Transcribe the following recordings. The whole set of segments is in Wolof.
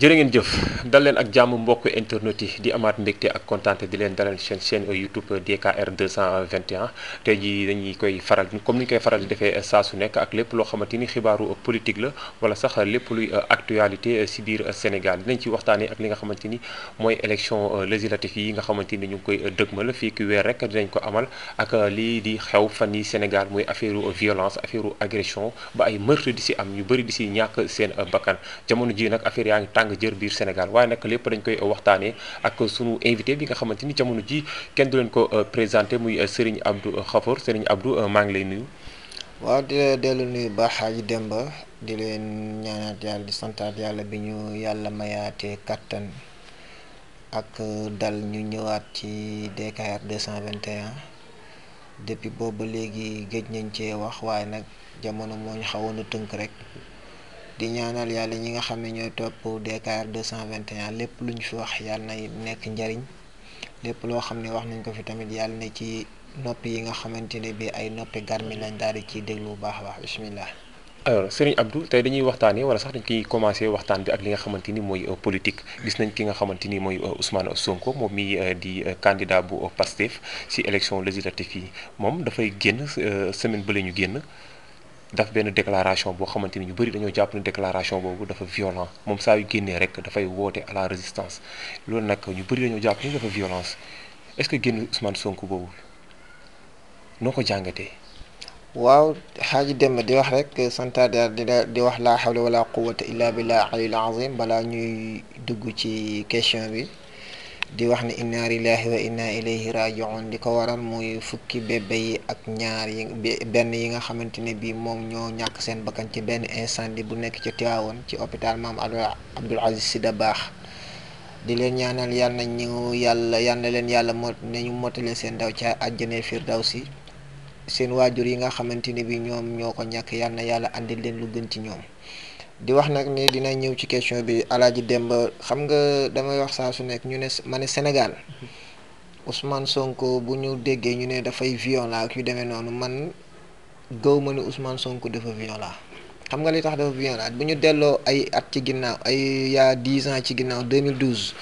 jërë ngeen jëf dal leen ak jàmm mbokk internet yi di amaat mbégte ak kontaante di leen dalal seen chaîne YouTube DKR 221 tey jii dañuy koy faral comme ni ñu koy faral di defee saa su nekk ak lépp loo xamante ni xibaaru politique la wala sax lépp luy actualité si biir Sénégal dinañ ci waxtaanee ak li nga xamante ni mooy élection législative yi nga xamante ni ñu ngi koy dëgmal fii ki weer rek dinañ ko amal ak lii di xew fan yi Sénégal mooy affaire violence affaire agression ba ay meurtre di si am ñu bëri di si ñàkk seen bakkan jamono tàng jër biir Sénégal waaye nag lépp dañ koy waxtaanee ak sunu invité bi nga xamante ni jamono ji kenn du leen ko euh, présenté muy euh, Serigne abdu Khafor sëriñ Abdou euh, maa lay nuyu. waa di la dellu nuyu baax Xaaji di leen ñaanaat yàlla di santaat yàlla bi ñu yàlla mayaate kattan ak dal ñu ñëwaat ci DKR 221 depuis boobu léegi géej nañ cee wax waaye nag jamono moo ñu tënk rek di ñaanal yàlla ñi nga xam ne ñooy topp DKR 221 lépp lu ñu fi wax yàlla na nekk njariñ lépp loo xam ne wax nañ ko fi tamit yàlla na ci noppi yi nga xamante ne bi ay noppi garmi lañ daal di ciy déglu bu baax a baax bisimilah. alors Serigne Abdou tey dañuy waxtaanee wala sax dañ koy commencé waxtaan bi ak li nga xamante ni mooy euh, politique gis nañ ki nga xamante ni mooy euh, Ousmane Sonko moom mi euh, di candidat bu Pastef ci élection législative yi moom dafay génn semaine bële ñu génn. daf benn déclaration boo xamante ni ñu bëri dañoo jàpp ne déclaration boobu dafa violent moom saa yu génnee rek dafay woote à la résistance loolu nag ñu bëri dañoo jàpp ni dafa violence est-ce que génn Ousmane Sonko boobu noo ko jàngatee. waaw xaaji dem di wax rek santaar di wax laa xawla wala quwwata illa billah alil azim balaa ñuy dugg ci question bi. di wax ne inna lillahi wa inna ilayhi rajiun li ko waral muy fukki bébé yi ak ñaar yi benn yi nga xamante ne bii moom ñoo ñàkk seen bakkan ci benn incendie bu nekk ci Tivaouane ci hôpital Maam Abdoul Aziz Sy baax di leen ñaanal yal na ñu yàlla yal na leen yàlla mot nañu motale seen daw ci àjjana si seen waajur yi nga xamante ne bii ñoom ñoo ko ñàkk yal na yàlla andil leen lu gën ci ñoom di wax nag ni dina ñëw ci question bi Alaaji Demba xam nga damay wax saa su nekk ñu ne ma ne Sénégal Ousmane Sonko bu ñu déggee ñu ne dafay vion ak yu demee noonu man gëw ma ni Ousmane Sonko dafa violent xam nga li tax dafa violent bu ñu delloo ay at ci ginnaaw ay yaa dix ans ci ginnaaw 2012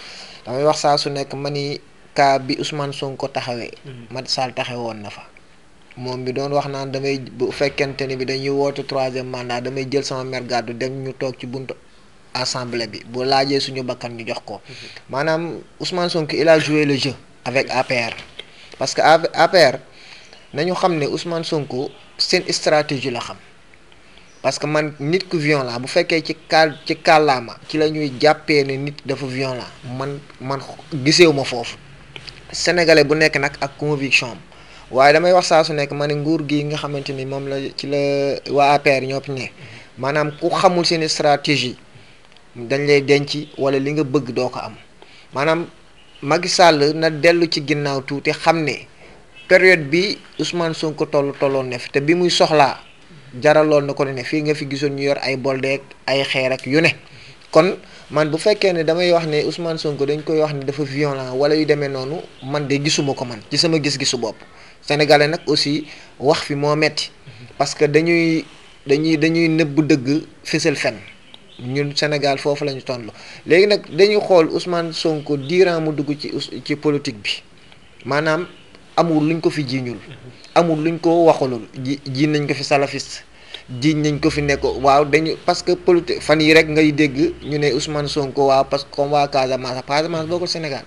damay wax saa su nekk ma ni cas bi Ousmane Sonko taxawee. Mm-hmm. Macky Sall taxawoon na fa. moom bi doon wax naan damay bu fekkente ni bi dañuy woote troisième mandat damay jël sama mer gàddu dem ñu toog ci buntu assemblée bi bu laajee suñu bakkan ñu jox ko. Mhm. maanaam Ousmane Sonko il a joué le parce que APR nañu xam ne Ousmane Sonko seen stratégie la xam. parce que man nit ku violent bu fekkee ci kaal ci kàllaama ci la ñuy jàppee ne nit dafa violent man man giseewu ma foofu sénégalais bu nekk nag ak conviction waaye damay wax saa su nekk ma ne nguur gi nga xamante ni moom la ci la waa APR ñoo ne maanaam ku xamul seen stratégie dañ lay denc wala li nga bëgg doo ko am maanaam Macky Sall na dellu ci ginnaaw tuuti xam ne période bi Ousmane Sonko toll tolloon na fi te bi muy soxlaa jaral jaraloon na ko ne fii nga fi gisoon ñu yor ay boldeek ay xeer ak yu ne kon man bu fekkee ne damay wax ne Ousmane Sonko dañ koy wax ne dafa violent wala yu demee noonu man de gisuma ko man ci sama gis-gisu bopp. sénégalais nag aussi wax fi moo metti parce que dañuy dañuy dañuy nëbb dëgg fësal fen ñun Sénégal foofu lañu ñu toll léegi nag dañuy xool Ousmane Sonko diiran mu dugg ci ci politique bi maanaam amul luñ ko fi jiiñul amul luñ ko waxulul ji jiiñ nañ ko fi salafiste jiiñ nañ ko fi nekk waaw dañu parce que politique fan yi rek ngay dégg ñu ne Ousmane Sonko waaw parce que comme waa Casamance Casamance bokkul Sénégal.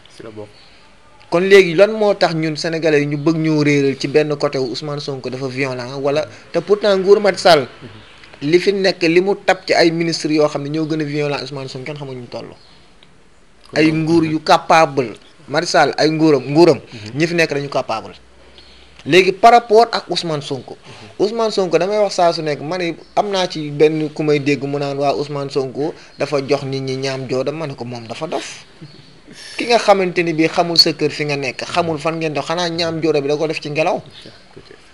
kon léegi lan moo tax ñun sénégalais yi ñu bëgg ñoo réeral ci benn côté wu Sonko dafa violent wala te pourtant nguur Macky Sall li fi nekk li mu tab ci ay ministres yoo xam ne ñoo gën a violent Ousmane Sonko kenn xamuñu toll. ay nguur yu capable Macky Sall ay nguuram nguuram. ñi fi nekk dañu capable. léegi par rapport ak Ousmane Sonko Ousmane Sonko damay wax saa su nekk ma am naa ci benn ku may dégg mu naan waa Ousmane Sonko dafa jox nit ñi ñaam jooda ma ne ko moom dafa dof ki nga xamante ni bii xamul sa kër fi nga nekk xamul fan ngeen dox xanaa ñaam jooro bi da ko def ci ngelaw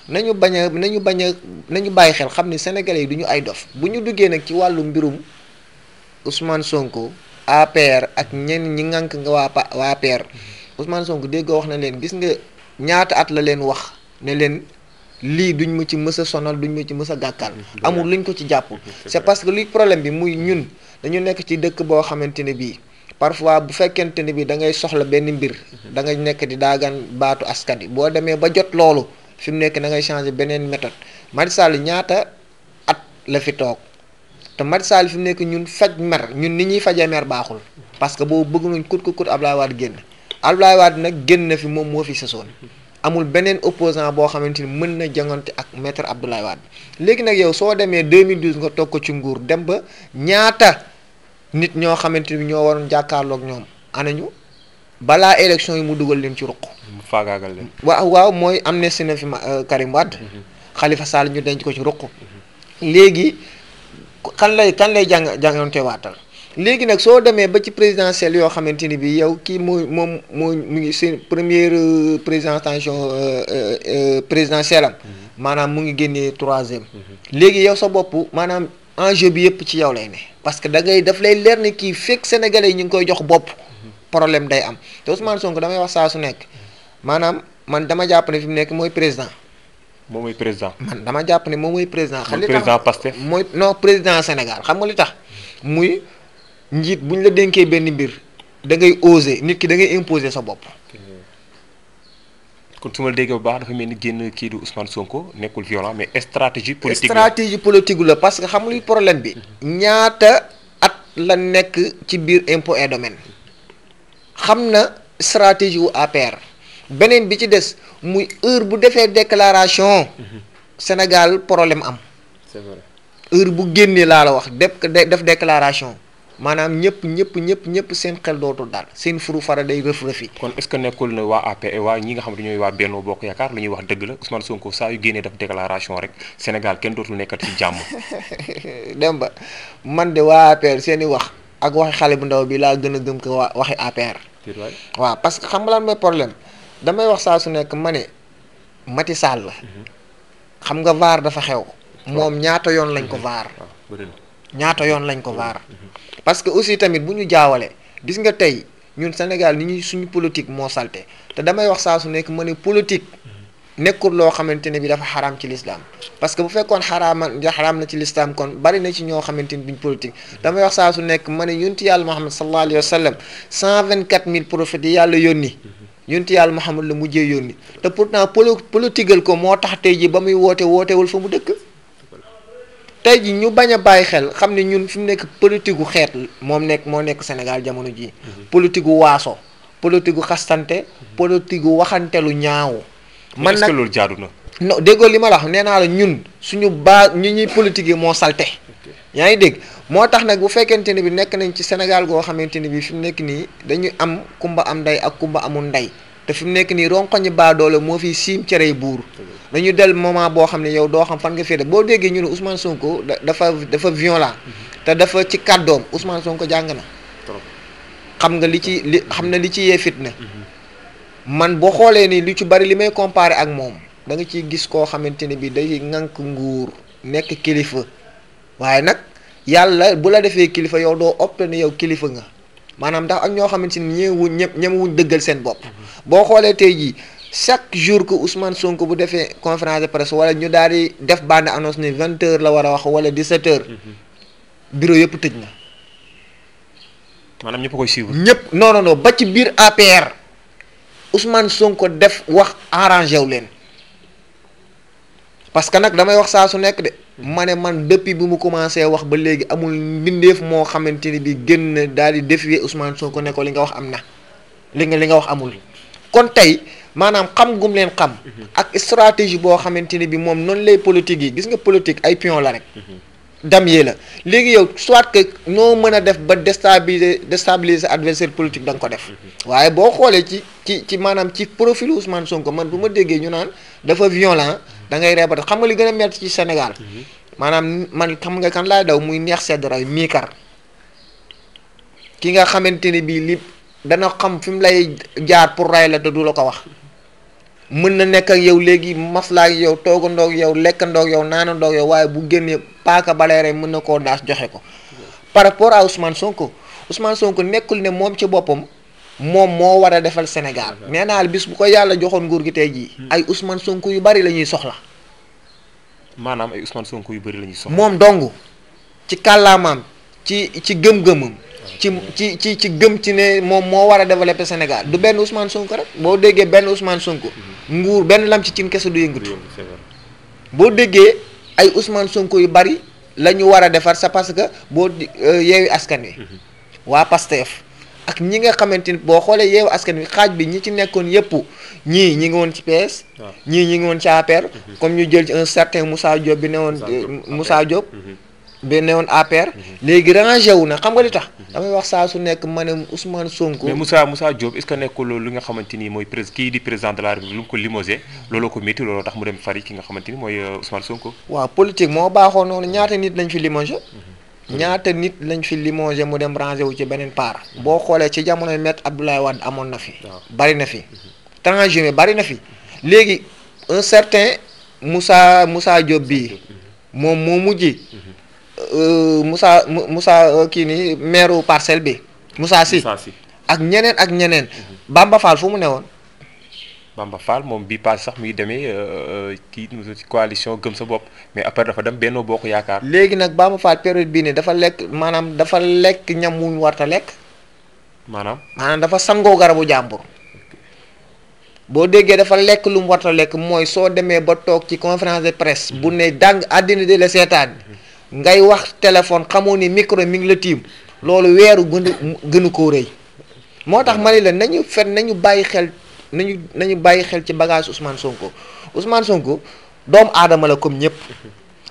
nañu bañ a nañu bañ a nañu bàyyi xel xam ni sénégalais yi du ñu ay dof bu ñu duggee nag ci wàllu mbirum Ousmane Sonko APR ak ñenn ñi nga waa pa waa APR Ousmane Sonko dégg wax na leen gis nga ñaata at la leen wax ne leen lii duñ ma ci mësa sonal duñ ma ci mës a gàkkal amul luñ ko ci jàpp c'est parce que luy problème bi muy ñun dañu nekk ci dëkk boo xamante ne bii parfois bu fekkente ni bi da ngay soxla benn mbir da ngay nekk di daagan baatu askan wi boo demee ba jot loolu fi mu nekk da ngay changer beneen méthode Macky Sall ñaata at la fi toog te Macky Sall fi nekk ñun faj mer ñun ni ñuy fajee mer baaxul parce que boobu bëgg nañ kut kut kut Abdoulaye Wade génn Abdoulaye Wade nag génn na fi moom moo fi sasoon amul beneen opposant boo xamante ni mën na jangante ak maître Abdoulaye Wade léegi nag yow soo demee 2012 nga toog ko ci nguur dem ba ñaata. nit ñoo xamante ni ñoo waroon jàkkaarloog ñoom anañu balaa élection yi mu dugal leen ci ruq. mu faagaagal leen. waaw waaw mooy amnistie na fi ma euh, Karim Wade. Mm-hmm. Khalifa Sall ñu dañ ko ci ruq. Mm-hmm. léegi kan lay kan lay jàng jàngoonte waatal léegi nag soo demee ba ci présidentielle yoo xamante ni bi yow kii mooy moom moo mu ngi seen première euh, présentation euh, présidentielle am. Mm-hmm. maanaam mu ngi génnee troisième. léegi yow sa bopp maanaam. enjeu bi yëpp ci yow lay ne parce que da ngay daf lay leer ne kii fekk sénégalais yi ñu ngi koy jox bopp problème day am te Ousmane Sonko damay wax saa su nekk maanaam man dama jàpp ne fi mu nekk mooy président. moom mooy président man dama jàpp ne moom mooy président. xam li tax mooy non président Sénégal xam nga li tax muy njiit bu ñu la dénkee benn mbir da ngay oser nit ki da ngay imposer sa bopp. kon su ma déggee bu baax dafa mel ni génn kii du Ousmane Sonko nekkul violent mais stratégie politique stratégie politique la parce que xam luy problème bi. ñaata at la nekk ci biir impôt et domaine xam na stratégie wu APR beneen bi ci des muy heure bu defee déclaration. Sénégal problème am. heure bu génnee laa la wax def def déclaration. maanaam ñëpp ñëpp ñëpp ñëpp seen xel dootul daal seen furu fara day rëf rëfi kon est ce que nekkul ne waa APR waa ñi nga xam ne ñooy waa Benno Bokk Yaakaar lu ñuy wax dëgg la Ousmane Sonko saa yu génnee def déclaration rek Sénégal kenn dootul nekkat ci jàmm. dem ba man de waa APR seen i wax ak waxi xale bu ndaw bi laa gën a gëm ko waa waxi APR. waaw parce que xam nga lan mooy problème damay wax saa su nekk ma ne Macky Sall la. Mhm. xam nga vaar dafa xew. moom ñaata yoon lañ ko mhm. vaar. ñaata yoon lañ ko vaara parce que aussi tamit bu ñu jaawale gis nga tey ñun Sénégal ni ñuy suñu politique moo salte te damay wax saa su nekk ma ne politique nekkul loo xamante ne bi dafa xaraam ci lislaam parce que bu fekkoon xaraama xaraam na ci lislaam kon bari na ci ñoo xamante ni duñ politique damay wax saa su nekk ma ne yonti yàlla Muhammad sallallahu alayhi wa sallam cent vingt quatre mille prophètes yi yàlla yónni yonti yàlla Muhammad la mujjee yónni te pourtant polo politigal ko moo tax tey ji ba muy woote wootewul fa mu dëkk tey ji ñu bañ a bàyyi xel xam ne ñun fi mu nekk politique gu xeet moom nekk moo nekk Sénégal jamono jii. Mhm. politique gu waaso. politique gu xastante. politique gu waxante lu ñaaw. man nag loolu jaadu na. non déggoo li ma la nee naa la ñun suñu baa ñi ñuy politique yi moo salte yaa ngi dégg moo tax nag bu fekkente ne bi nekk nañ ci Sénégal goo xamante ne bi fi mu nekk nii dañuy am kumba am ndey ak kumba amul ndey. te fi mu nekk nii ronkoñi baadoole moo fi siim cerey buur dañu del moment boo xam ne yow doo xam fan nga féete boo déggee ñu ne Ousmane Sonko dafa dafa violent te dafa ci kàddoom Ousmane Sonko jàng na xam nga li ci li xam na li ci yee fitna mm-hmm. man boo xoolee ni li ci bari li may comparé ak moom da nga ciy gis koo xamante ne bi day ŋànk nguur nekk kilifa waaye nag yàlla bu la defee kilifa yow doo opte ne yow kilifa nga maanaam ndax ak ñoo xamante ni ñemewuñ ñem ñemewuñ dëggal seen bopp boo xoolee tey jii chaque jour que Ousmane Sonko bu defee conférence de presse wala ñu daal di def bande annonce ni vingt la war a wax wala dix sept mm-hmm. bureau yëpp tëj na. maanaam ñëpp koy ñëpp non non ba ci biir APR Ousmane Sonko def wax arrangé wu leen parce que nag damay wax saa su nekk de. ma ne man depuis bi mu commencé wax ba léegi amul mbindeef moo xamante ni bi génn daal di défier Ousmane Sonko ne ko li nga wax am na li nga li nga wax amul kon tey maanaam xam gum leen xam ak stratégie boo xamante ni bi moom noonu lay politique yi gis nga politique ay pion la rek dam yee la léegi yow soit que noo mën a def ba déstabiliser déstabiliser adversaire politique danga ko def waaye boo xoolee ci ci ci maanaam ci profilu Ousmane Sonko man bu ma déggee ñu naan dafa violent da ngay ree ba xam nga li gën a métti ci Sénégal. Mhm. maanaam man xam nga kan laay daw muy neex sedd ray miikar ki nga xamante ni bii li dana xam fi mu lay jaar pour ray la te du la ko wax. mën na nekk ak yow léegi maslaa yow toogandoo yow lekkandoo yow naanandoo yow waaye bu génnee paaka balee rek mën na koo daas joxe ko. Mhm. par rapport à Ousmane Sonko Ousmane Sonko nekkul ne moom ci boppam. moom moo war a defal Sénégal nee naa bis bu ko yàlla joxoon nguur gi tey jii. Hmm. ay Ousmane Sonko yu bari la ñuy soxla. maanaam ay Ousmane yu bari la ñuy soxla. moom dong ci kàllaamaam ci ci gëm-gëmam. Ah, ci ci ci ci gëm ci ne moom moo war a développer Sénégal du benn Ousmane Sonko rek boo déggee benn usmaan Sonko. Hmm. nguur benn lam ci cin kese du yëngatu. boo déggee ay Ousmane Sonko yu bari la ñu war a defar sa parce que boo euh, yeewi askan wi. Hmm. waa Pastef. ak ñi nga xamante ni boo xoolee yeewu askan wi xaaj bi ñi ci nekkoon yëpp ñii ñi ngi woon ci PS. ñii ñi ngi woon ci APR. Mhm. comme ñu jël ci un certain Moussa Diop bi ne woon. Moussa Diop euh, mhm. bi ne woon APR. Mhm. léegi rangé wu na xam nga li tax. damay wax saa su nekk ma ne Ousmane Sonko. mais musaa Moussa Diop est ce que nekkul loolu li nga xamante ni mooy prés kii di président de la République lu mu ko limogé looloo ko métti looloo tax mu dem fari ki nga xamante ni mooy euh, Ousmane Sonko. waaw politique moo baaxoo noonu ñaata nit lañ fi limogé. ñaata nit lañ fi limogé mu dem rangé wu ci beneen part boo xoolee ci jamono jamonoy maître Abdoulaye Wade amoon na fi bari na fi mhm. transhumé bari na fi léegi un certain Moussa Moussa Diop bii mhm. moom moo mujj mhm. euh, Moussa Moussa euh, kii nii maire parcelle bi Moussa Sy ak ñeneen ak ñeneen Bamba Fall fu mu ne woon Bamba Fall moom bii paas sax muy demee euh, euh, kii ci coalition gëm sa bopp mais après dafa dem Benno Bokk Yaakaar. léegi nag Bamba Fall période bi ne dafa lekk maanaam dafa lekk ñam wuñ warta lekk. maanaam dafa sangoo garabu jàmbur. boo déggee dafa lekk lu mu warta lekk mooy soo demee ba toog ci conférence de presse. bu ne dàng àddina de la seetaan. ngay wax téléphone xamoo ni micro mi ngi la tiim. loolu weeru gën gënu ko rëy. moo tax ma ne la nañu nañu bàyyi xel. nañu nañu bàyyi xel ci bagage Ousmane Sonko Ousmane Sonko doomu aadama la comme ñëpp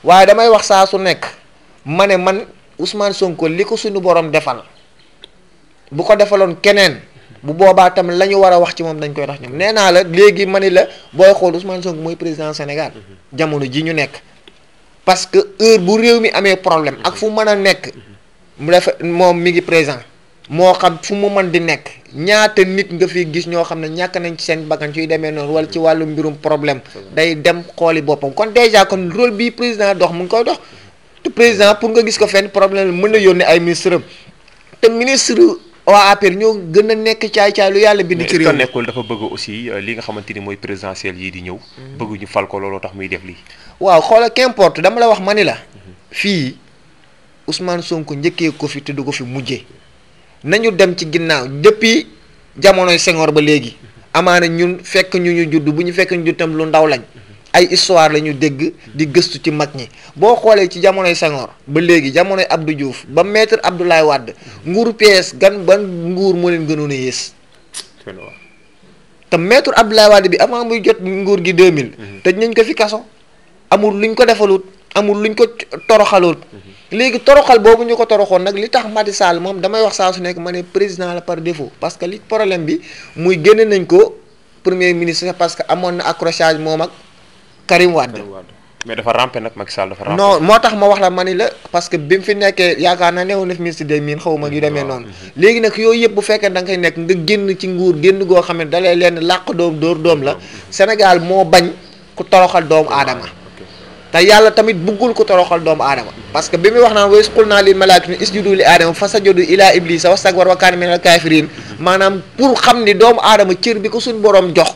waaye damay wax saa su nekk ma ne man Ousmane Sonko li ko suñu borom defal bu ko defaloon keneen bu boobaa tam la ñu war a wax ci moom dañ koy tax ñoom nee naa la léegi ma ni la booy xool Ousmane Sonko mooy président Sénégal jamono ji ñu nekk parce que heure bu réew mi amee problème ak fu mën a nekk mu def moom mi ngi présent. moo xam fu mu man di nekk ñaata nit nga fi gis ñoo xam ne ñàkk nañ ci seen bakkan ciy demee noonu wala ci wàllu mbirum problème day dem xooli boppam kon déjà kon rôle bii président dox mu ngi koy dox te pour nga gis ko fenn problème mën na yónnee ay ministre te ministre waa APR ñoo gën a nekk caay caay lu yàlla bind ci réew mi nekkul dafa bëgg aussi euh, li nga xamante ni mooy présidentielle yii di ñëw mhm. bëgg ñu fal ko looloo tax muy def lii waaw xoola qu'importe dama la wax ma ni la fii Ousmane Sonko njëkkee ko fi te du ko fi mujjee nañu dem ci ginnaaw depuis jamonoy Senghor ba léegi amaana ñun fekk ñu ñu judd bu ñu fekk ñu judd tam lu ndaw lañ ay histoire lañu dégg di gëstu ci mag ñi boo xoolee ci jamonoy Senghor ba léegi jamonoy Abdou juuf ba maître Abdoulaye wadd nguur PS gan ban nguur moo leen gënoon a yées te maître Abdoulaye Wade bi avant muy jot nguur gi te mhm. tëj nañ ko fi kaso amul luñ ko defalut amul luñ ko toroxalut mhm. léegi toroxal boobu ñu ko toroxoon nag li tax Macky saal moom damay wax saa su nekk ma ne président la par défaut parce que li problème bi muy génne nañ ko premier ministre parce que amoon na accrochage moom ak Karim Wade. mais dafa rampé nag Macky Sall dafa rampé. non moo tax ma wax la ma ni la parce que bi mu fi nekkee yaakaar naa newoon na fi ministre des mines xaw ma yu demee noonu. léegi nag yooyu yëpp bu fekkee da nga koy nekk nga génn ci nguur génn goo xam ne dalay leen làq doom dóor doom la. Sénégal moo bañ ku toroxal doomu aadama. te yàlla tamit buggul ko toroxal doomu aadama parce que bi muy wax naan wa qul naa lil malaa'ikati isjudu li aadama fa sajadu ilaa iblisa wastakbara wa kaana minal kaafiriin maanaam pour xam ni doomu aadama cër bi ko suñ borom jox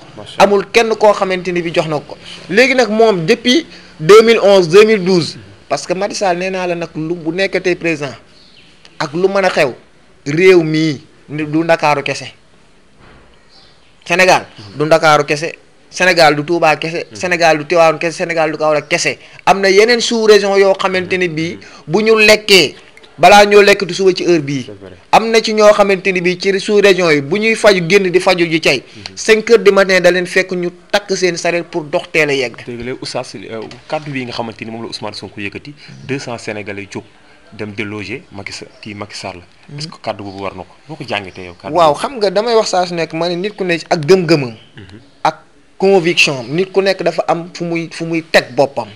amul kenn koo xamante ni bi jox na ko léegi nag moom depuis 2011 2012 parce que Macky Sall nee naa la nag lu bu nekkatee président ak lu mën a xew réew mii du ndakaaru kese Sénégal du ndakaaru kese Sénégal du Touba kese. Hmm. Sénégal du Tivaouane kese Sénégal du Kaolack kese am na yeneen sous région yoo xamante ne bii bu ñu lekkee balaa ñoo lekk du suba ci heure bii. am na ci ñoo xamante ni bii ci sous région yi bu ñuy faju génn di faju ji cay. 5 di du matin da leen fekk ñu takk seen sareet pour dox teel a yegg. dégg nga oustaz euh, nga xamante ni moom la Ousmane Sonko yëkkati 200 hmm. sénégalais jóg dem déloger Macky Sall kii Macky Sall la. Hmm. est-ce que kàddu war na ko boo ko jàngatee yow. waaw xam nga damay wax saa nekk ma ne nit ku ne ak gëm ak conviction nit ku nekk dafa am fu muy fu muy teg boppam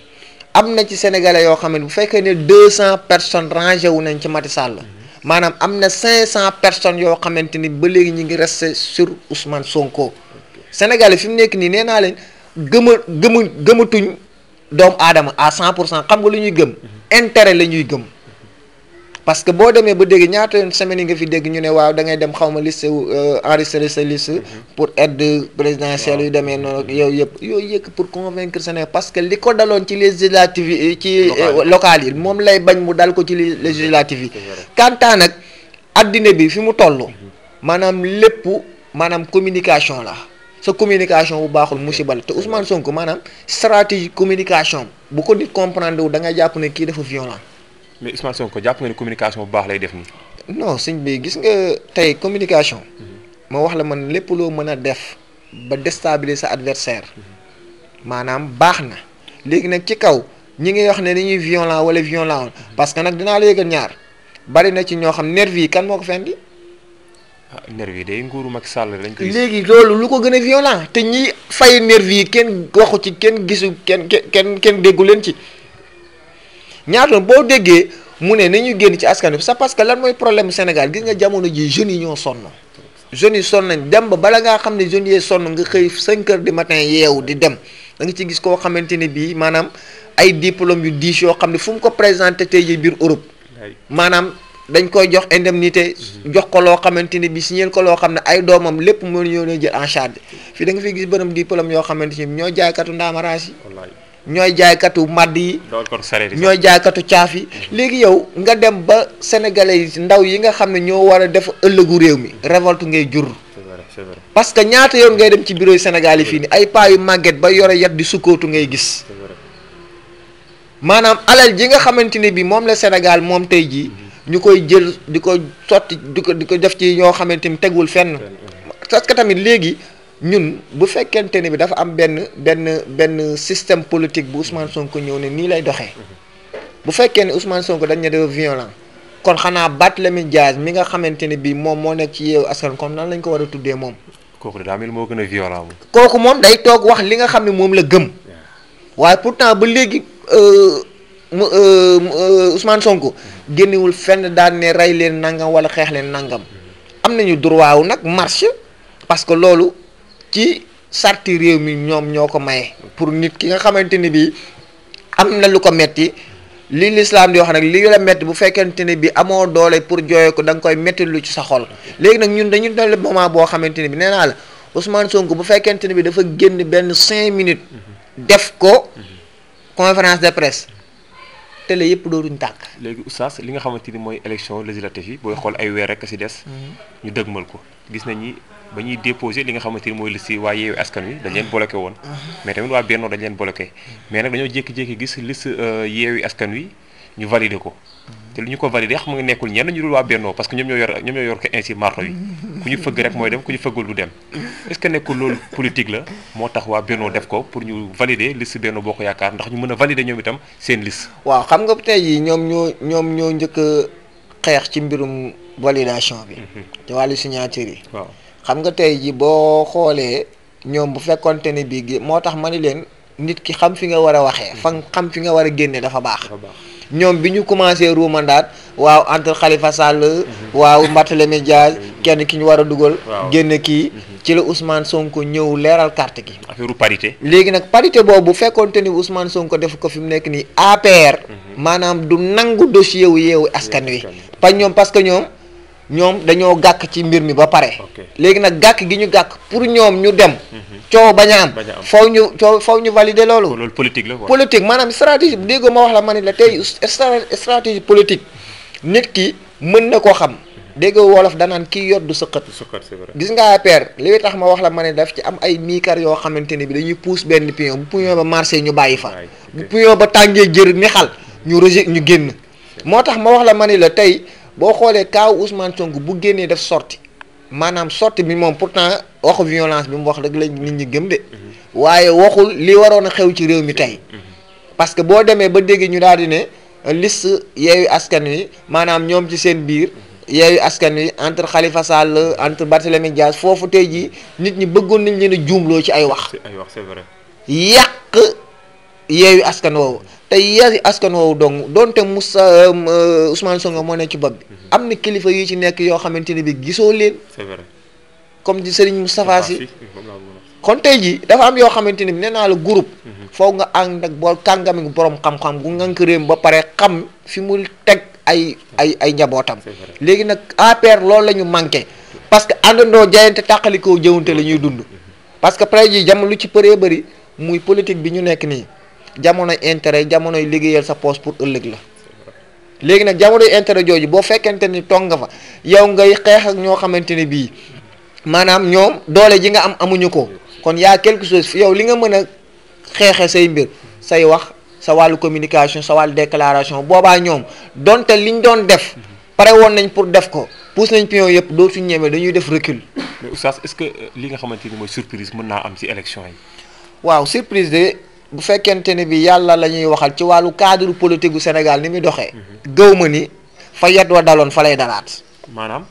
am na ci sénégalais yoo xam ne bu fekkee ne deux cent personnes rangé wu nañ ci Macky la maanaam am na cinq cent personnes yoo xamante ni ba léegi ñu ngi resté sur Ousmane Sonko sénégalais fi mu nekk nii nee naa leen gëma gëma gëmatuñ doomu aadama à cent pour cent xam nga lu ñuy gëm mhm. intérêt la ñuy gëm parce que boo demee ba dégg ñaata yoon semaine yi nga fi dégg ñu ne waaw da ngay dem xaw ma liste euh, enregistrer sa liste mhm. pour aide présidentielle yu demee noonu yow yëpp yooyu yëkk pour convaincre Sénégal parce que li ko daloon ci législative yi ci euh, locales yi moom lay bañ mu dal ko ci législative yi kantaa nag addina bi fi mu toll mhm. maanaam lépp maanaam communication la sa communication bu baaxul musiba la te Ousmane Sonko maanaam stratégie communication bu ko nit comprendre wu ngay jàpp ne kii dafa violent mais Ousmane Sonko jàpp nga ni communication bu baax lay def nii. non sëñ bi gis nga tey communication. ma wax la man lépp loo mën a def ba déstabiliser sa adversaire maanaam baax na léegi nag ci kaw ñi ngi wax ne dañuy violent wala violent parce que nag dinaa la ñaar bari ci ñoo xam nervi yi kan moo ko fendi ah, nervi yi day nguuru Macky Sall lañ koy. léegi loolu lu ko gën a violent te ñi fay nervi yi kenn waxu ci kenn gisu kenn kenn kenn déggu leen ci. ñaata boo déggee mu ne nañu génn ci askan wi sa parce que lan mooy problème Sénégal gis nga jamono ji jeunes yi ñoo sonn jeunes yi sonn nañ dem bala ngaa xam ne jeunes yee nga xëy 5 heures du matin yeewu di dem danga ci gis koo xamante ne bii maanaam ay diplôme yu diis yoo xam ne fu mu ko présenté tey jii biir Europe maanaam dañ koy jox indemnité jox ko loo xamante bii bi signéel ko loo xam ne ay doomam lépp mënu ñoo jël en fii da nga fiy gis bërëm diplôme yoo xamante ni ñoo jaaykatu ndaamaraas yi ñooy jaaykatu màdd yi ñooy jaaykatu caaf yi mm-hmm. léegi yow nga dem ba sénégalais ndaw yi nga xam ne ñoo war a def ëllëgu réew mi révolte ngay jur parce que ñaata yoon ngay dem ci bureau Sénégal yi fii ni ay paa yu màgget ba yore yat di sukkootu ngay gis maanaam alal ji nga xamante ne bi moom la Sénégal moom tey jii mm-hmm. ñu koy jël di ko sotti di ko di ko def ci ñoo xamante ni tegul fenn parce que tamit léegi ñun bu fekkente ne bi dafa am benn benn benn système politique bu Ousmane Sonko ñëw ne nii lay doxee bu fekkee ne Ousmane Sonko dañ ne dafa violent kon xanaa Barthélémy Dias mi nga xamante ne bii moom moo nekk ci yeewu askan kon nan lañ ko war a tuddee moom. kooku daa mel moo gën a violent kooku moom day toog wax li nga xam ne moom la gëm waaye pourtant ba léegi euh, euh, euh, Ousmane Sonko génnewul fenn daan ne rey leen nangam wala xeex leen nangam mm-hmm. am nañu droit nag marche parce loolu. ci sarti réew mi ñoom ñoo ko maye pour nit ki nga xamante ni bii am na lu ko metti li lislaam di wax nag li la metti bu fekkente ni bi amoo doole pour jooye ko da nga koy metti lu ci sa xol léegi nag ñun dañu doole moment boo xamante ni bi nee naa la Ousmane Sonko bu fekkente ni bi dafa génn benn cinq minutes def ko conférence de presse télé yëpp dootuñu tàkk léegi oustaz li nga xamante ni mooy élection législative yi booy xool ay weer rek si des mm-hmm. ñu ko ba ñuy déposé li nga xamante ni mooy liste waa yeewu askan wi dañ leen bloqué woon mais tamit waa Benno dañ leen bloqué mais nag dañoo jékki-jékki gis liste euh, yeewu askan wi ñu validé ko te li ñu ko validé xam nga nekkul ñenn ñu waa Benno parce que ñoom ñoo yor ñoom ñoo yor ko ainsi marto yi mooy dem ku ñu fëggul du dem est-ce que nekkul loolu la moo tax waa Benno def ko pour ñu valider liste Benno Bokk Yaakaar ndax ñu mën a valider ñoom itam seen liste waaw xam nga tey ñoom ñoo ñoom ñoo njëkk a xeex ci mbirum validation bi ci mhm. ñaa signature yi waaw xam nga tey ji boo xoolee ñoom bu fekkonte ni bi gi moo tax ma ni leen nit ki xam fi nga war a waxee fan xam fi nga war a génne dafa baax ñoom bi ñu commencé ruumandaat waaw entre Khalifa Sall mhm. waaw Barthélémy Dias mhm. kenn ki ñu war a dugal génn kii mhm. ci la Ousmane Sonko ñëw leeral carte gi affaire parité léegi nag parité boobu bu fekkoonte ni Ousmane Sonko def ko fi mu nekk nii APR maanaam du nangu dossier wu yeewu askan wi pa ñoom parce que ñoom ñoom dañoo gàkk ci mbir mi ba pare. léegi nag gàkk gi ñu gàkk pour ñoom ñu dem. Mhm. coow bañ a am faw ñu coow faw ñu valider loolu. loolu politique la politique maanaam stratégie bu déggoo ma wax la ma ne la tey stratégie politique nit ki mën na koo xam. Mhm. dégg wolof danaan kii yor du sëqat gis nga APR li tax ma wax la ma ne def ci am ay miikar yoo xamante ne bi dañuy puus benn pion bu pion ba marché ñu bàyyi fa bu pion ba tàngee jër ni xal ñu rejet ñu génn moo tax ma wax la ma la tey boo xoolee kaaw Ousmane Sonko bu génnee def sorti maanaam sorti bi moom pourtant waxu violence bi mu wax rek la nit ñi gëm de mm-hmm. waaye waxul li waroon a xew ci réew mi tey mm-hmm. parce que boo demee ba dégg ñu daal di ne liste yeeyu askan wi maanaam ñoom ci seen biir mm-hmm. yeeyu askan wi entre Khalifa Sall entre Barthélemy Dias foofu tey jii nit ñi bëggoon nañ leen a juumloo ci ay wax. ay wax c'est vrai yàq yeeyu askan woowu te yari askan woowu dong donte Moussa euh, euh, Ousmane Sonko moo nekk ci bopp bi. Mhm. am na kilifa yu ci nekk yoo xamante ni bi gisoo leen. comme di Serigne Moustapha Sy kon tey jii dafa am yoo xamante ni nee naa la groupe. Mhm. foog nga ànd ak bool kàngami borom xam-xam gu ngank ba pare xam fi mu teg ay ay ay njabootam. léegi nag APR loolu la ñu manqué. parce que àndandoo jaayante tàqalikoo jëwante la ñuy dund. Mhm. parce que après ji jamono lu ci përee bëri muy politique bi ñu nekk nii. jamonoy intérêt jamonoy liggéeyal sa poche pour ëllëg la léegi nag jamonoy intérêt jooju boo fekkente ni toog nga fa yow ngay xeex ak ñoo xamante ne bii maanaam ñoom doole ji nga am amuñu ko kon yaa quelque chose yow li nga mën a xeexe say mbir say wax sa wàllu communication sa wàll declaration boobaa ñoom donte li ñu doon def pare woon nañ pour def ko pousse nañ pion yëpp dootuñ ñeme dañuy def recule mais oustaz est que euh, li nga xamante ni mooy surprise mën naa am ci élection yi. bu fekkente ne bi yàlla la ñuy waxal ci wàllu cadre politique gu Sénégal ni muy doxee. gëw ma ni fa yat wa daloon fa lay dalaat. maanaam.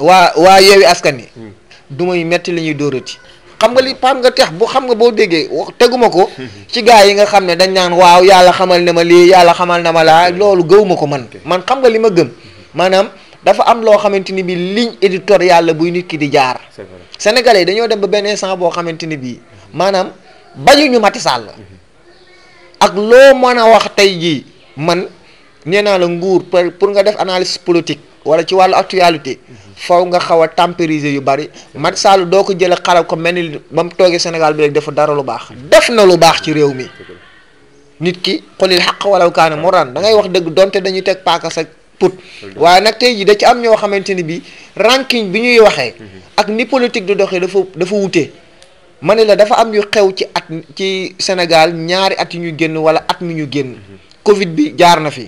waa waa yeewi askan wi. Hmm. du may metti li ñuy dóorati. xam nga li pam nga tex bu xam nga boo déggee wax teguma ko. ci gaa yi nga xam ne dañ naan waaw yàlla xamal ne ma lii yàlla xamal na ma laa hmm. loolu gëw ma ko man. man xam nga li ma gëm. Hmm. maanaam dafa am loo xamante ni bi ligne éditoriale yàlla buy nit ki di jaar. sénégalais dañoo dem ba benn xamante bañuñu Macky Sall ak loo mën a wax tey jii man nee naa la nguur pour nga def analyse politique wala ci wàllu actualité faw nga xaw a tempériser yu bari Macky Sall doo ko jëlee xalab ko mel ni ba mu toogee Sénégal bi rek dafa dara lu baax def na lu baax ci réew mi nit ki xolil xaq walaw kaana moran da ngay wax dëgg donte dañuy teg paaka sa put waaye nag tey jii da ci am ñoo xamante ni bi ranking bi ñuy waxee ak ni politique du doxee dafa dafa wutee ma ne la dafa am yu xew ci at ci Sénégal ñaari at yu ñu génn wala at mi ñu génn mhm. Covid bi jaar na fi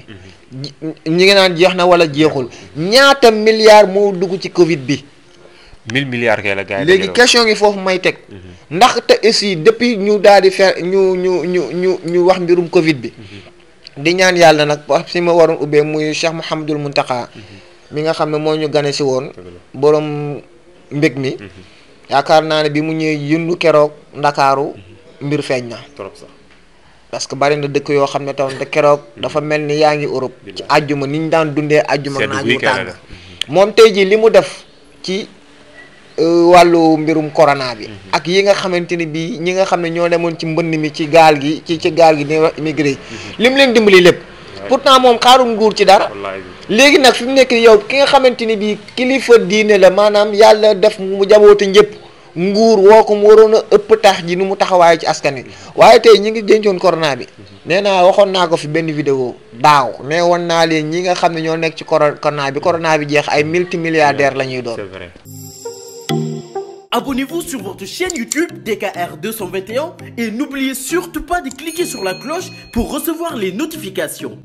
mhm. ñi ngi naan jeex na wala jeexul ñaata milliards moo dugg ci Covid bi. mille milliards kay léegi question ngi foofu may teg. Mhm. ndax te aussi depuis ñu daal di fer ñu ñu ñu ñu ñu wax mbirum Covid bi. di ñaan yàlla nag wax ma waroon ubbee muy Cheikh Mouhamadul Mountakha. mi nga xam ne moo ñu gane si woon. boroom mbég mi. yaakaar naa ne bi mu ñëwee yëndu keroog ndakaaru mhm. mbir feeñ na. trop parce que bari na dëkk yoo xam ne tam te keroog mhm. dafa mel ni yaa ngi Europe. ci àjjuma ni ñu daan dundee àjjuma. naaj bu tàng mhm. moom tey jii li mu def ci. Euh, wàllu mbirum corona bi. ak yi nga xamante ni bii ñi nga xam ne ñoo demoon ci mbënn mi ci gaal gi ci ci gaal gi di immigré. lim leen dimbali lépp. pour pourtant moom xaarul nguur ci dara. léegi nag fi mu nekk yow ki nga xamante ni bii kilifa diine la maanaam yàlla def mu jaboote ñëpp nguur woo ko mu waroon a ëpp tax ji nu mu taxawaay ci askan wi waaye tey ñi ngi dencoon corona bi nee naa waxoon naa ko fi benn vidéo daaw nee woon naa leen ñi nga xam ne ñoo nekk ci corona bi corona bi jeex ay multimilliardaires la lañuy doon. c'est vrai. Abonnez-vous sur votre chaîne YouTube DKR et n'oubliez surtout pas de cliquer sur la cloche pour recevoir les notifications.